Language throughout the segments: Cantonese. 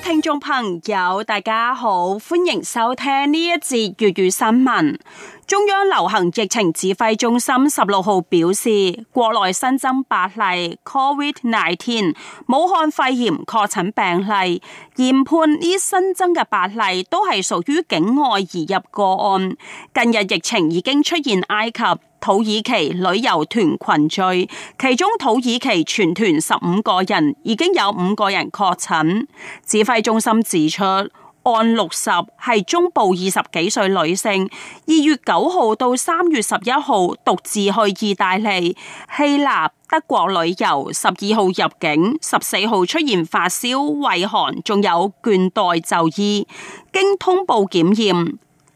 聽眾朋友，大家好，歡迎收聽呢一節粵語新聞。中央流行疫情指揮中心十六號表示，國內新增八例 COVID-19 武漢肺炎確診病例，研判呢新增嘅八例都係屬於境外移入個案。近日疫情已經出現埃及。土耳其旅遊團群聚，其中土耳其全團十五個人已經有五個人確診。指揮中心指出，案六十係中部二十幾歲女性，二月九號到三月十一號獨自去意大利、希臘、德國旅遊，十二號入境，十四號出現發燒、畏寒，仲有倦怠，就醫經通報檢驗。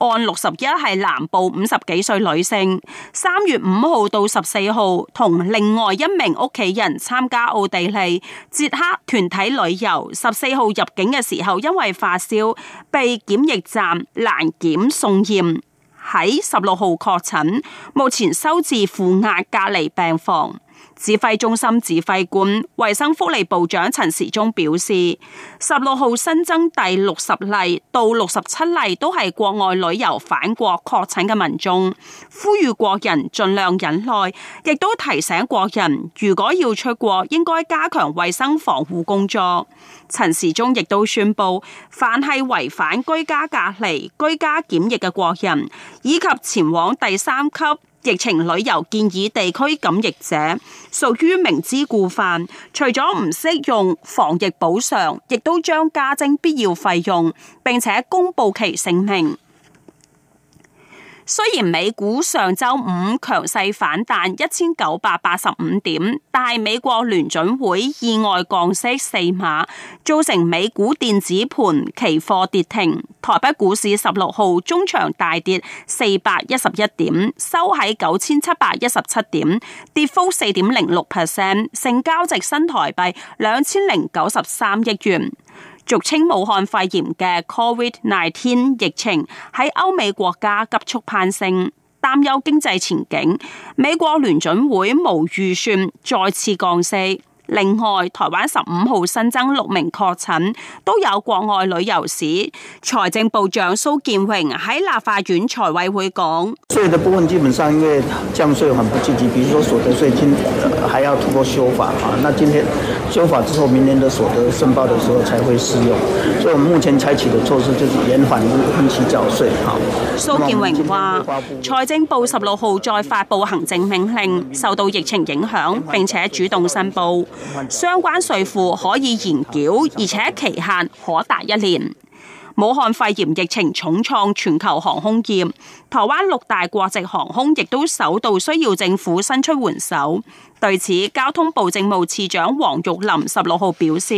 案六十一係南部五十幾歲女性，三月五號到十四號同另外一名屋企人參加奧地利、捷克團體旅遊，十四號入境嘅時候，因為發燒被檢疫站攔檢送驗，喺十六號確診，目前收治負壓隔離病房。指揮中心指揮官，衛生福利部長陳時中表示，十六號新增第六十例到六十七例都係國外旅遊返國確診嘅民眾，呼籲國人盡量忍耐，亦都提醒國人如果要出國應該加強衛生防護工作。陳時中亦都宣布，凡係違反居家隔離、居家檢疫嘅國人，以及前往第三級。疫情旅遊建議地區感染者屬於明知故犯，除咗唔適用防疫補償，亦都將加徵必要費用，並且公布其姓名。雖然美股上周五強勢反彈一千九百八十五點，但係美國聯準會意外降息四碼，造成美股電子盤期貨跌停。台北股市十六號中場大跌四百一十一點，收喺九千七百一十七點，跌幅四點零六 percent，成交值新台幣兩千零九十三億元。俗稱武漢肺炎嘅 Covid-19 疫情喺歐美國家急速攀升，擔憂經濟前景，美國聯準會無預算再次降息。另外，台灣十五號新增六名確診，都有國外旅遊史。財政部長蘇建榮喺立法院財委會講：稅的部分基本上因為降稅很不積極，比如說所得稅今，還要通過修法啊。那今天修法之後，明年的所得申報的時候，才會適用。所以，我們目前採取的措施就是延緩分期繳稅。哈。蘇建榮話，財政部十六號再發布行政命令，受到疫情影響並且主動申報。相關稅負可以延繳，而且期限可達一年。武漢肺炎疫情重創全球航空業，台灣六大國籍航空亦都首度需要政府伸出援手。對此，交通部政務次長黃玉霖十六號表示，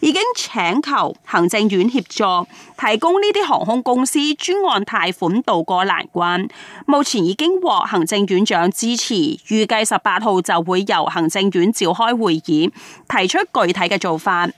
已經請求行政院協助提供呢啲航空公司專案貸款渡過難關。目前已經獲行政院長支持，預計十八號就會由行政院召開會議，提出具體嘅做法。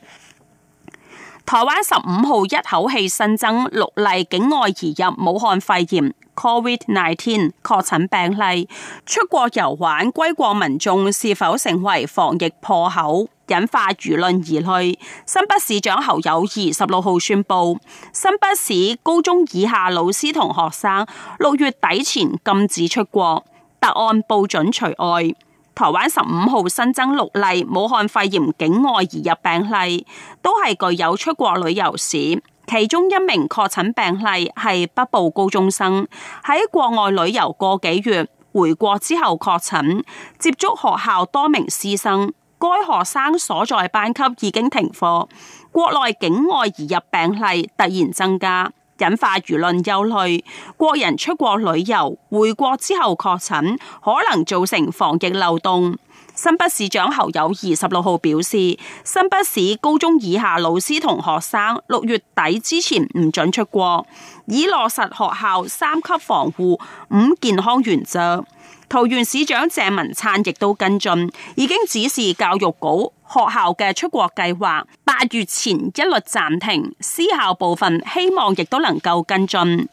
台灣十五號一口氣新增六例境外移入武漢肺炎 （Covid-19） 確診病例，出國遊玩歸國民眾是否成為防疫破口，引發輿論疑慮。新北市長侯友宜十六號宣布，新北市高中以下老師同學生六月底前禁止出國，答案報准除外。台灣十五號新增六例武漢肺炎境外移入病例，都係具有出國旅遊史。其中一名確診病例係北部高中生，喺國外旅遊個幾月，回國之後確診，接觸學校多名師生。該學生所在班級已經停課。國內境外移入病例突然增加。引發輿論憂慮，國人出國旅遊回國之後確診，可能造成防疫漏洞。新北市長侯友宜十六號表示，新北市高中以下老師同學生六月底之前唔准出國，已落實學校三級防護、五健康原則。桃園市長鄭文燦亦都跟進，已經指示教育局學校嘅出國計劃八月前一律暫停，私校部分希望亦都能夠跟進。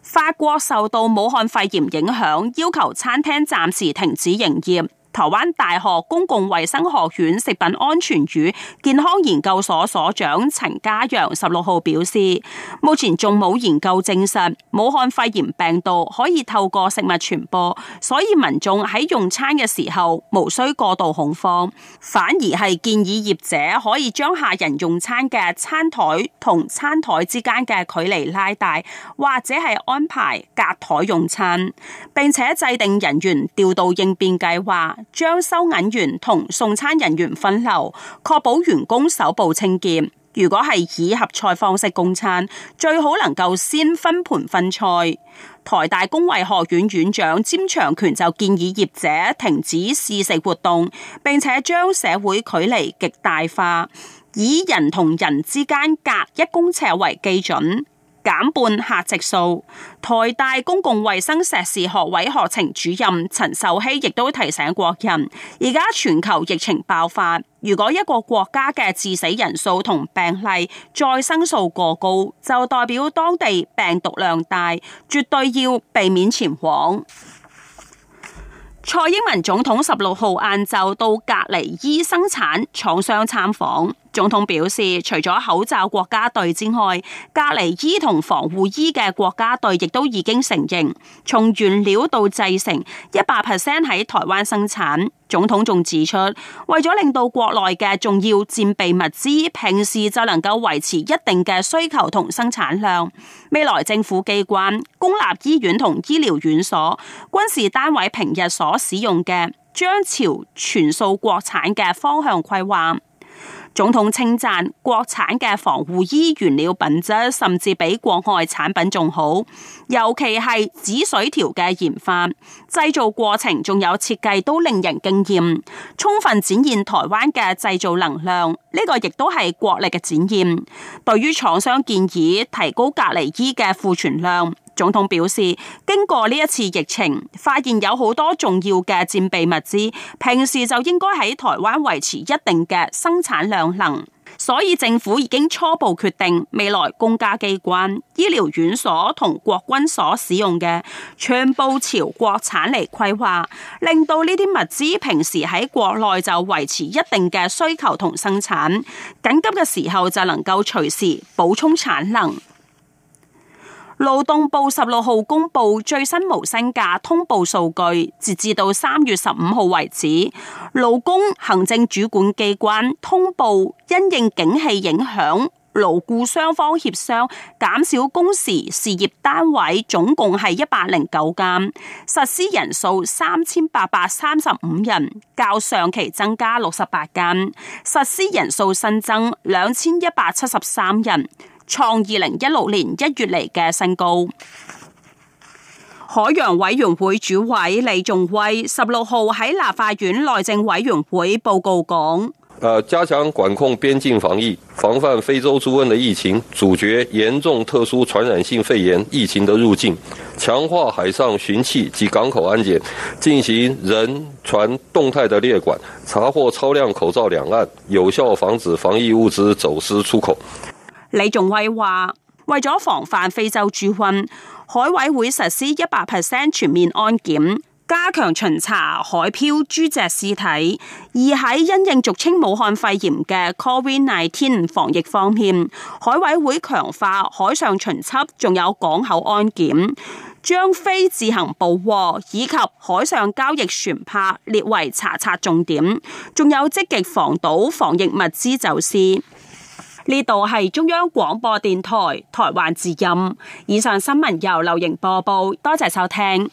法國受到武漢肺炎影響，要求餐廳暫時停止營業。台灣大學公共衛生學院食品安全與健康研究所所長陳嘉陽十六號表示，目前仲冇研究證實武漢肺炎病毒可以透過食物傳播，所以民眾喺用餐嘅時候無需過度恐慌，反而係建議業者可以將客人用餐嘅餐台同餐台之間嘅距離拉大，或者係安排隔台用餐，並且制定人員調度應變計劃。將收銀員同送餐人員分流，確保員工手部清潔。如果係以合菜方式供餐，最好能夠先分盤分菜。台大公衛學院院長詹長權就建議業者停止試食活動，並且將社會距離極大化，以人同人之間隔一公尺為基準。減半客席數。台大公共衛生碩士學位學程主任陳秀希亦都提醒國人，而家全球疫情爆發，如果一個國家嘅致死人數同病例再生數過高，就代表當地病毒量大，絕對要避免前往。蔡英文總統十六號晏晝到隔離衣生產廠商參訪。總統表示，除咗口罩國家隊之外，隔離衣同防護衣嘅國家隊亦都已經成形，從原料到製成，一百 percent 喺台灣生產。總統仲指出，為咗令到國內嘅重要戰備物資平時就能夠維持一定嘅需求同生產量，未來政府機關、公立醫院同醫療院所、軍事單位平日所使用嘅，將朝全數國產嘅方向規劃。總統稱讚國產嘅防護衣原料品質甚至比國外產品仲好，尤其係止水條嘅研發、製造過程仲有設計都令人驚豔，充分展現台灣嘅製造能量。呢、這個亦都係國力嘅展現。對於廠商建議提高隔離衣嘅庫存量。總統表示，經過呢一次疫情，發現有好多重要嘅戰備物資，平時就應該喺台灣維持一定嘅生產量能。所以政府已經初步決定，未來公家機關、醫療院所同國軍所使用嘅，全部朝國產嚟規劃，令到呢啲物資平時喺國內就維持一定嘅需求同生產，緊急嘅時候就能夠隨時補充產能。勞動部十六號公布最新無薪假通報數據，截至到三月十五號為止，勞工行政主管機關通報因應景氣影響，勞雇雙方協商減少工時，事業單位總共係一百零九間，實施人數三千八百三十五人，較上期增加六十八間，實施人數新增兩千一百七十三人。創二零一六年一月嚟嘅新高。海洋委員會主委李仲威十六號喺立法院內政委員會報告講：加強管控邊境防疫，防範非洲豬瘟的疫情，阻絕嚴重特殊傳染性肺炎疫情嘅入境，強化海上巡弋及港口安檢，進行人船動態嘅列管，查獲超量口罩，兩岸有效防止防疫物資走私出口。李仲威話：為咗防範非洲豬瘟，海委會實施一百 percent 全面安檢，加強巡查海漂豬隻屍體。而喺因應俗稱武漢肺炎嘅 COVID-19 防疫方面，海委會強化海上巡查，仲有港口安檢，將非自行捕獲以及海上交易船舶列為查察重點，仲有積極防堵防疫物資走私。呢度係中央廣播電台台灣之音。以上新聞由劉瑩播報，多謝收聽。